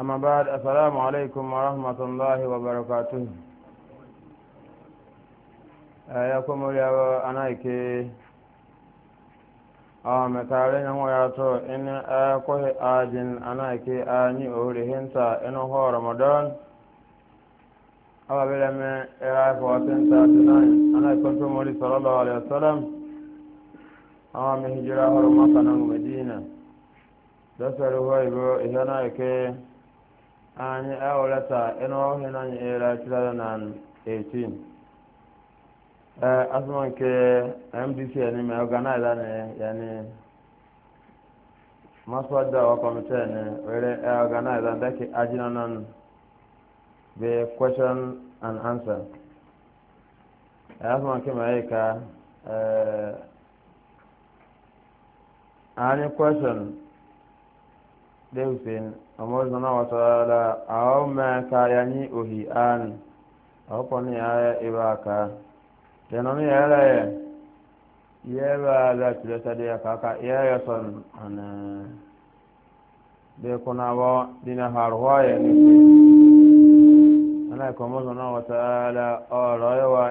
أما بعد السلام عليكم ورحمة الله وبركاته أيكم يا أنايك a mekare yan waya to in a kohe ajin ana ke anyi orihinta in ho ramadan awa bela me era ana kontu mori sallallahu alaihi wasallam awa me hijira horo makana medina dasaru ho ihe ihana ke anyị ewelata ịnụ ọhịa na anyị ere chilada na 18 ee asụmọ nke mdc ya n'ime ọganaịza na ya ni maswada wa kọmitii na were ọganaịza e da ke ajina be question and answer ee asụmọ nke ma ka e, anyị deusen amor zana wa taala aw ma ka yani ohi an aw poni aya ibaka tenoni yala ye yeba la tilasa de kaka ya ya son ana de kona wa dina har waye ni ana ko mo zana wa taala o royo wa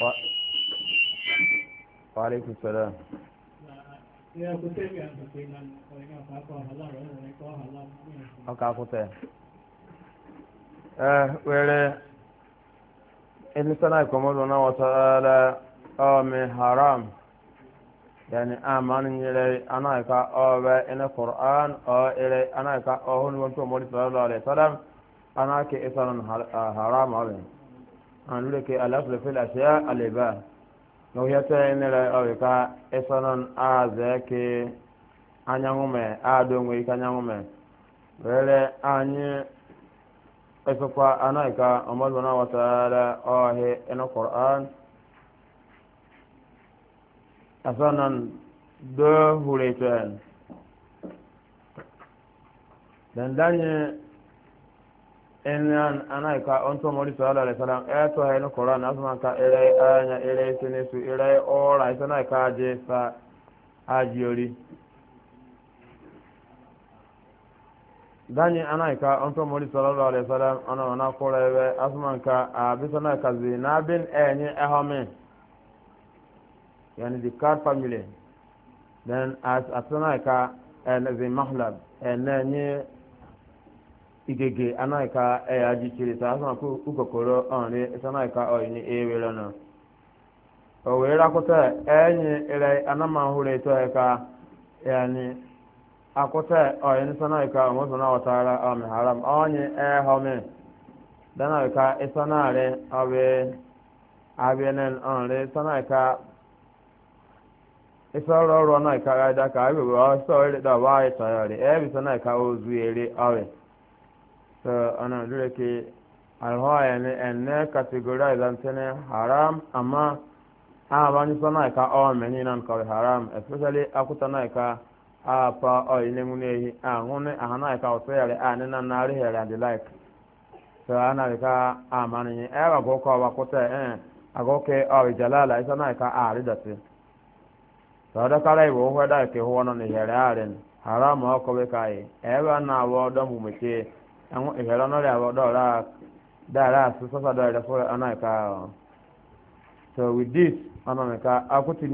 wa alaikum salam ọkà akutẹ ẹ wẹrẹ ẹnisana ìkọmọdún náà wọtọọlẹ ọmọ haram yẹni amani nyere anaika ọbẹ ẹni kur'an ọ ẹrẹ anaika ọhún wọn tó mọdún sọlọ lọrẹ sọdọ anaki ìsanun haram ọbẹ anuleke lè ke alasule fi lafiya aleba na wuya ta yi nira awi ka isanon a zai ke anyanwume a donwe ika anyanwume rere anyi isokwa anaika omadwana wataala ohe ino qur'an asanan do hureten dandanye enan ana ka onto mori sallallahu alaihi wasallam e to hay no qur'an asma ka ere anya ere sene su ere ora isana ka je sa ajiori dani ana ka onto mori sallallahu alaihi wasallam ana ana qura ebe asma ka abisana ka zina bin enye ehome yani the card family then as asana ka en the mahlab e igege anaika eya jichiri sa asana ku ukokoro onri sanaika oyini ewe no o wee rakwụta enyi ere anama hụrụ eto eka yani akwụta oyini sanaika omozo na wọtara ọmị haram onye ehome danaika isanari obi abienen onri sanaika isọrọ ọrụ anaika ga daka agbegbe ọsọ ere dọba ayị tọyọrị ebe sanaika ozu ere ori so ana dure ke alhoya ne enne categorize antene haram amma a ba ni sana ka o me ni nan ka haram especially akuta na ka a pa o ile mu ne hi a hu a na ka o so yare a ne nan na ri here and the like so ana ka a ma ni e ba go ko ba e, kuta eh agoke o jalala isa na ka a ri da ti so da kala ibo ho da ke ho no ni here haram o ko be kai e ba na wo do mu me ke àwọn ìhẹ̀rọ náà rẹ̀ àwọ̀ dára àti sọ́sọ́ dára rẹ̀ fúnra ọ̀nà ìka ọ̀ so with this ọ̀nà ìka akutini